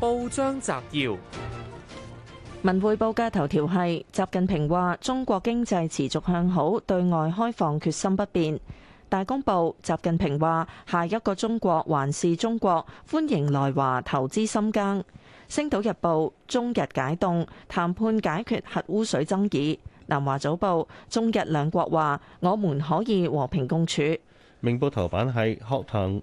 報章摘要：文匯報嘅頭條係習近平話中國經濟持續向好，對外開放決心不變。大公報：習近平話下一個中國還是中國，歡迎來華投資深耕。星島日報：中日解凍談判解決核污水爭議。南華早報：中日兩國話我們可以和平共處。明報頭版係學騰。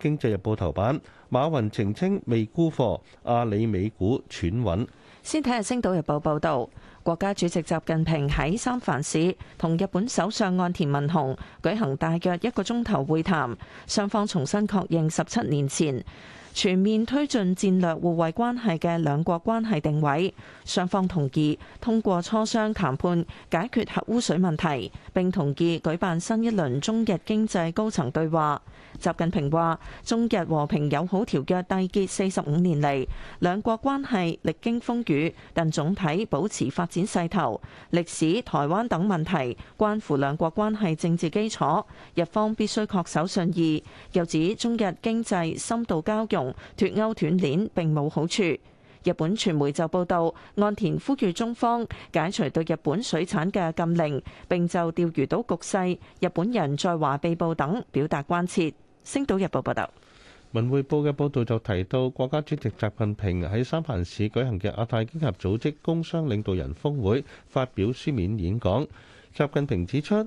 經濟日報頭版，馬雲澄清未沽貨，阿里美股喘穩。先睇下《星島日報》報道，國家主席習近平喺三藩市同日本首相岸田文雄舉行大約一個鐘頭會談，雙方重新確認十七年前。全面推進戰略互惠關係嘅兩國關係定位，雙方同意通過磋商談判解決核污水問題，並同意舉辦新一輪中日經濟高層對話。習近平話中日和平友好條約締結四十五年嚟，兩國關係歷經風雨，但總體保持發展勢頭，歷史、台灣等問題關乎兩國關係政治基礎，日方必須確守信義，又指中日經濟深度交融。脫鈎斷鏈並冇好處。日本傳媒就報道，岸田呼籲中方解除對日本水產嘅禁令，並就釣魚島局勢、日本人在華被捕等表達關切。星島日報報道。文匯報嘅報導就提到，國家主席習近平喺三藩市舉行嘅亞太經合組織工商領導人峰會發表書面演講。習近平指出。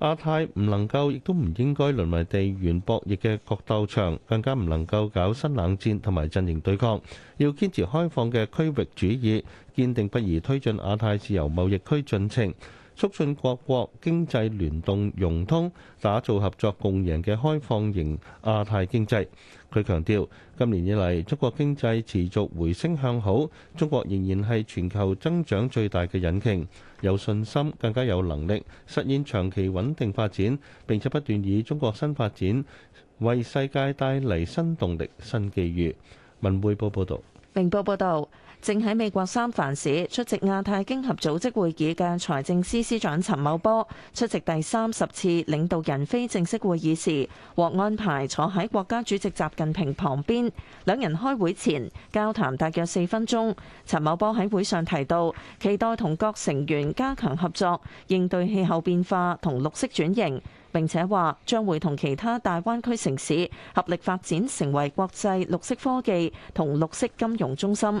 亞太唔能夠，亦都唔應該淪為地緣博弈嘅角鬥場，更加唔能夠搞新冷戰同埋陣營對抗，要堅持開放嘅區域主義，堅定不移推進亞太自由貿易區進程。促進各國經濟聯動融通，打造合作共贏嘅開放型亞太經濟。佢強調，今年以嚟，中國經濟持續回升向好，中國仍然係全球增長最大嘅引擎，有信心更加有能力實現長期穩定發展，並且不斷以中國新發展為世界帶嚟新動力、新機遇。文匯報報導，明報報導。正喺美國三藩市出席亞太經合組織會議嘅財政司司長陳茂波出席第三十次領導人非正式會議時，獲安排坐喺國家主席習近平旁邊。兩人開會前交談大約四分鐘。陳茂波喺會上提到，期待同各成員加強合作，應對氣候變化同綠色轉型。並且話將會同其他大灣區城市合力發展，成為國際綠色科技同綠色金融中心。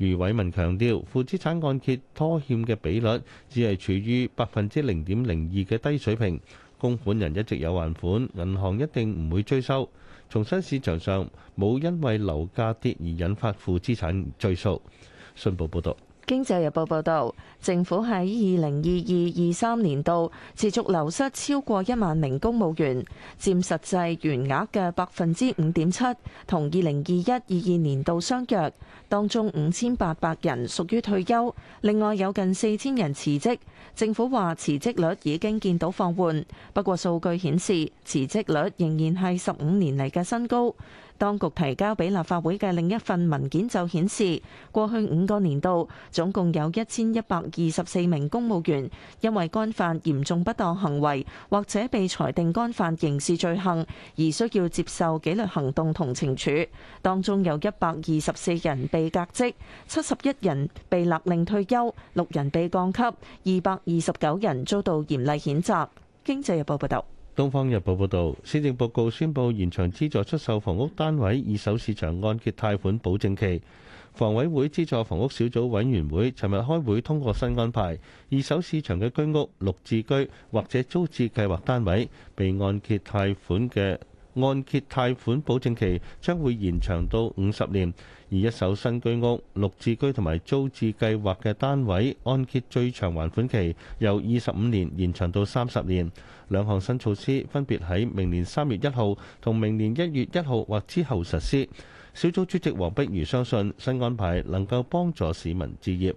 余偉文強調，負資產按揭拖欠嘅比率只係處於百分之零點零二嘅低水平，供款人一直有還款，銀行一定唔會追收。重新市場上冇因為樓價跌而引發負資產追數。信報報道。《經濟日報》報道。政府喺2022-23年度持續流失超過一萬名公務員，佔實際原額嘅百分之五點七，同2021-22年度相若。當中五千八百人屬於退休，另外有近四千人辭職。政府話辭職率已經見到放緩，不過數據顯示辭職率仍然係十五年嚟嘅新高。當局提交俾立法會嘅另一份文件就顯示，過去五個年度總共有一千一百二十四名公務員因為干犯嚴重不當行為，或者被裁定干犯刑事罪行，而需要接受紀律行動同懲處。當中有一百二十四人被革職，七十一人被勒令退休，六人被降級，二百二十九人遭到嚴厲譴責。經濟日報報道。《東方日報》報導，施政報告宣布延長資助出售房屋單位二手市場按揭貸款保證期。房委會資助房屋小組委員會尋日開會通過新安排，二手市場嘅居屋、綠置居或者租置計劃單位被按揭貸款嘅。按揭貸款保證期將會延長到五十年，而一手新居屋、綠置居同埋租置計劃嘅單位按揭最長還款期由二十五年延長到三十年。兩項新措施分別喺明年三月一號同明年一月一號或之後實施。小組主席黃碧如相信新安排能夠幫助市民置業。《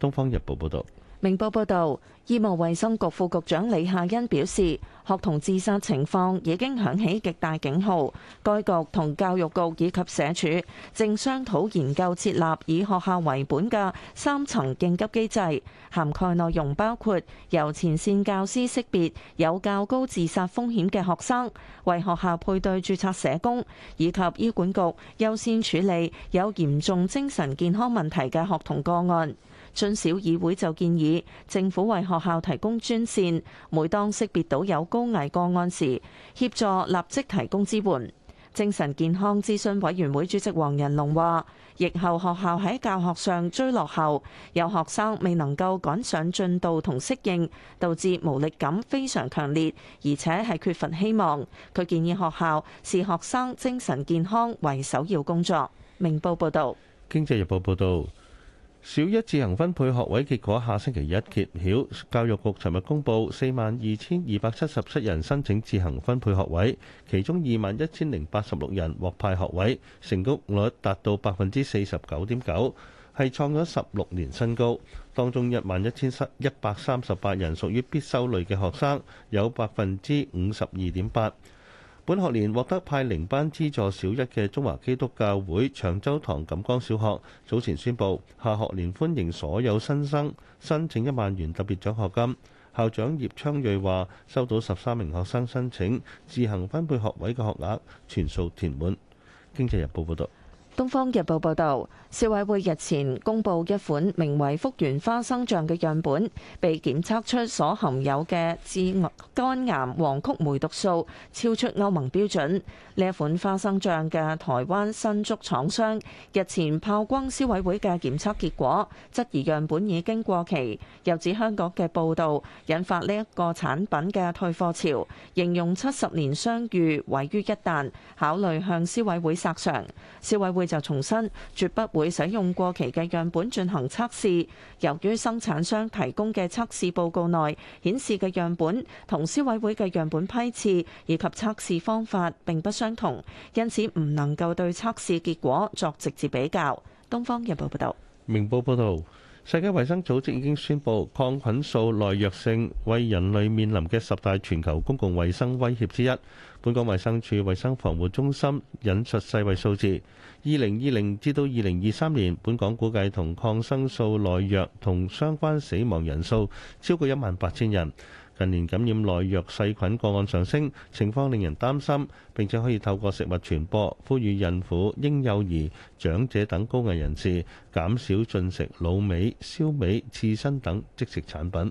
東方日報》報道。明報報導，醫務衛生局副局長李夏欣表示，學童自殺情況已經響起極大警號。該局同教育局以及社署正商討研究設立以學校為本嘅三層應急機制，涵蓋內容包括由前線教師識別有較高自殺風險嘅學生，為學校配對註冊社工，以及醫管局優先處理有嚴重精神健康問題嘅學童個案。津小議會就建議政府為學校提供專線，每當識別到有高危個案時，協助立即提供支援。精神健康諮詢委員會主席黃仁龍話：疫後學校喺教學上追落後，有學生未能夠趕上進度同適應，導致無力感非常強烈，而且係缺乏希望。佢建議學校視學生精神健康為首要工作。明報報道。經濟日報報道。小一自行分配學位結果下星期一揭曉，教育局尋日公布四萬二千二百七十七人申請自行分配學位，其中二萬一千零八十六人獲派學位，成功率達到百分之四十九點九，係創咗十六年新高。當中一萬一千七一百三十八人屬於必收類嘅學生，有百分之五十二點八。本學年獲得派零班資助小一嘅中華基督教會長洲堂錦江小學，早前宣布下學年歡迎所有新生申請一萬元特別獎學金。校長葉昌瑞話：收到十三名學生申請，自行分配學位嘅學額全數填滿。經濟日報報導。東方日報報道，消委會日前公布一款名為福原花生醬嘅樣本，被檢測出所含有嘅致肝癌黃曲霉毒素超出歐盟標準。呢一款花生醬嘅台灣新竹廠商日前炮轟消委會嘅檢測結果，質疑樣本已經過期。又指香港嘅報道引發呢一個產品嘅退貨潮，形容七十年相遇毀於一旦，考慮向消委會索償。消委會。就重申絕不會使用過期嘅樣本進行測試，由於生產商提供嘅測試報告內顯示嘅樣本同消委會嘅樣本批次以及測試方法並不相同，因此唔能夠對測試結果作直接比較。東方日報報道。《明報》報道。世界衛生組織已經宣布，抗菌素耐藥性為人類面臨嘅十大全球公共衛生威脅之一。本港衛生署衛生防護中心引述世衛數字，二零二零至到二零二三年，本港估計同抗生素耐藥同相關死亡人數超過一萬八千人。近年感染耐藥細菌個案上升，情況令人擔心，並且可以透過食物傳播。呼籲孕婦、嬰幼兒、長者等高危人士減少進食滷味、燒味、刺身等即食產品。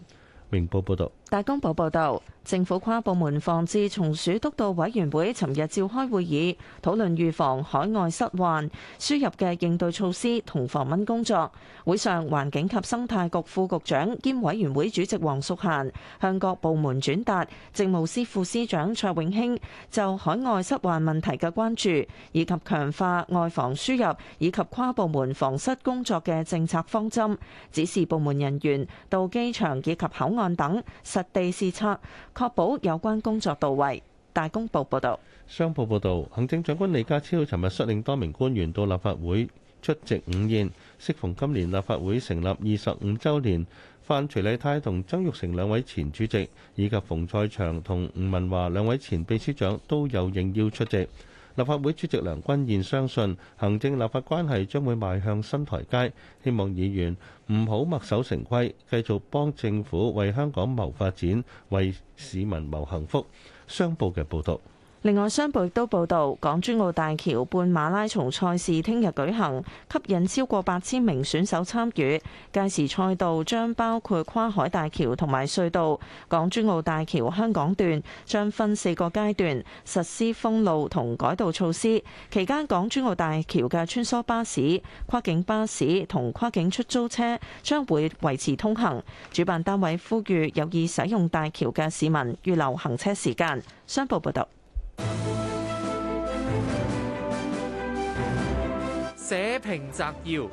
明報報導。大公報報道，政府跨部門防治蟲鼠督導委員會尋日召開會議，討論預防海外蝨患輸入嘅應對措施同防蚊工作。會上，環境及生態局副局長兼委員會主席黃淑嫻向各部門轉達政務司副司長卓永興就海外蝨患問題嘅關注，以及強化外防輸入以及跨部門防蝨工作嘅政策方針，指示部門人員到機場以及口岸等。實地視察，確保有關工作到位。大公報報道，商報報道，行政長官李家超尋日率領多名官員到立法會出席午宴，適逢今年立法會成立二十五週年，范徐麗泰同曾鈺成兩位前主席以及馮載祥同吳文華兩位前秘書長都有應邀出席。立法會主席梁君彥相信行政立法關係將會邁向新台階，希望議員唔好墨守成規，繼續幫政府為香港謀發展，為市民謀幸福。商報嘅報道。另外，商報亦都報道，港珠澳大橋半馬拉松賽事聽日舉行，吸引超過八千名選手參與。屆時賽道將包括跨海大橋同埋隧道。港珠澳大橋香港段將分四個階段實施封路同改道措施，期間港珠澳大橋嘅穿梭巴士、跨境巴士同跨境出租車將會維持通行。主辦單位呼籲有意使用大橋嘅市民預留行車時間。商報報道。報章摘要。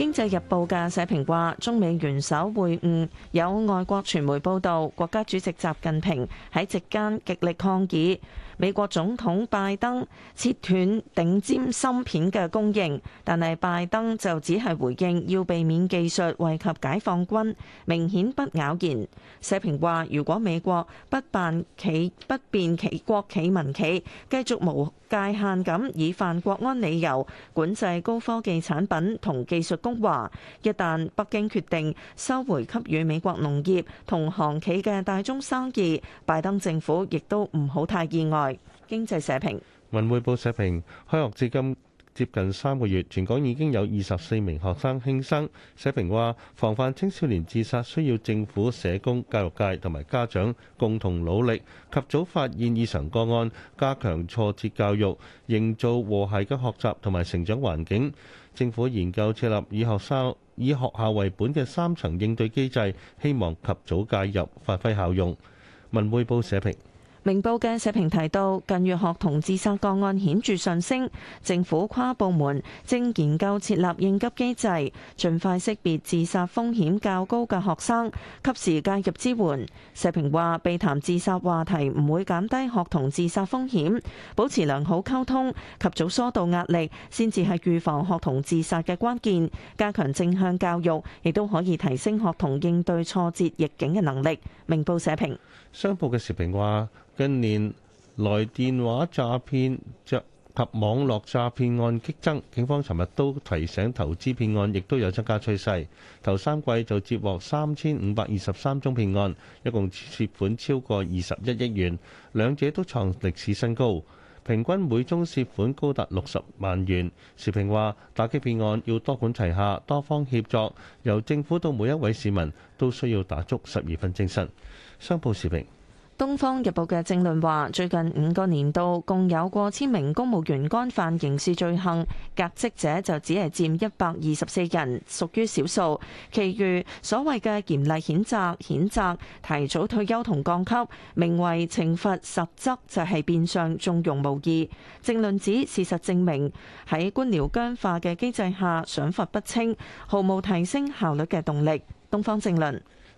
《經濟日報》嘅社評話：中美元首會晤，有外國傳媒報道，國家主席習近平喺席間極力抗議美國總統拜登切斷頂尖芯片嘅供應，但係拜登就只係回應要避免技術惠及解放軍，明顯不咬言。社評話：如果美國不辦企不便企國企民企，繼續無界限咁以犯國安理由管制高科技產品同技術工，話一旦北京決定收回給予美國農業同航企嘅大宗生意，拜登政府亦都唔好太意外。經濟社評。文匯報社評，開學至今。接近三個月，全港已經有二十四名學生輕生。社評話，防範青少年自殺需要政府、社工、教育界、同埋家長共同努力，及早發現異常個案，加強挫折教育，營造和諧嘅學習同埋成長環境。政府研究設立以學生、以學校為本嘅三層應對機制，希望及早介入，發揮效用。文匯報社評。明報嘅社評提到，近月學童自殺個案顯著上升，政府跨部門正研究設立應急機制，盡快識別自殺風險較高嘅學生，及時介入支援。社評話：避談自殺話題唔會減低學童自殺風險，保持良好溝通及早疏導壓力，先至係預防學童自殺嘅關鍵。加強正向教育，亦都可以提升學童應對挫折逆境嘅能力。明報社評，商報嘅社評話。近年來電話詐騙及網絡詐騙案激增，警方尋日都提醒投資騙案亦都有增加趨勢。頭三季就接獲三千五百二十三宗騙案，一共涉款超過二十一億元，兩者都創歷史新高，平均每宗涉款高達六十萬元。時評話：打擊騙案要多管齊下、多方協作，由政府到每一位市民都需要打足十二分精神。商報時評。《東方日報》嘅政論話：最近五個年度共有過千名公務員干犯刑事罪行，革職者就只係佔一百二十四人，屬於少數。其餘所謂嘅嚴厲譴責、譴責提早退休同降級，名為懲罰實則就係、是、變相縱容無義。政論指事實證明喺官僚僵化嘅機制下，賞罰不清，毫無提升效率嘅動力。《東方政論》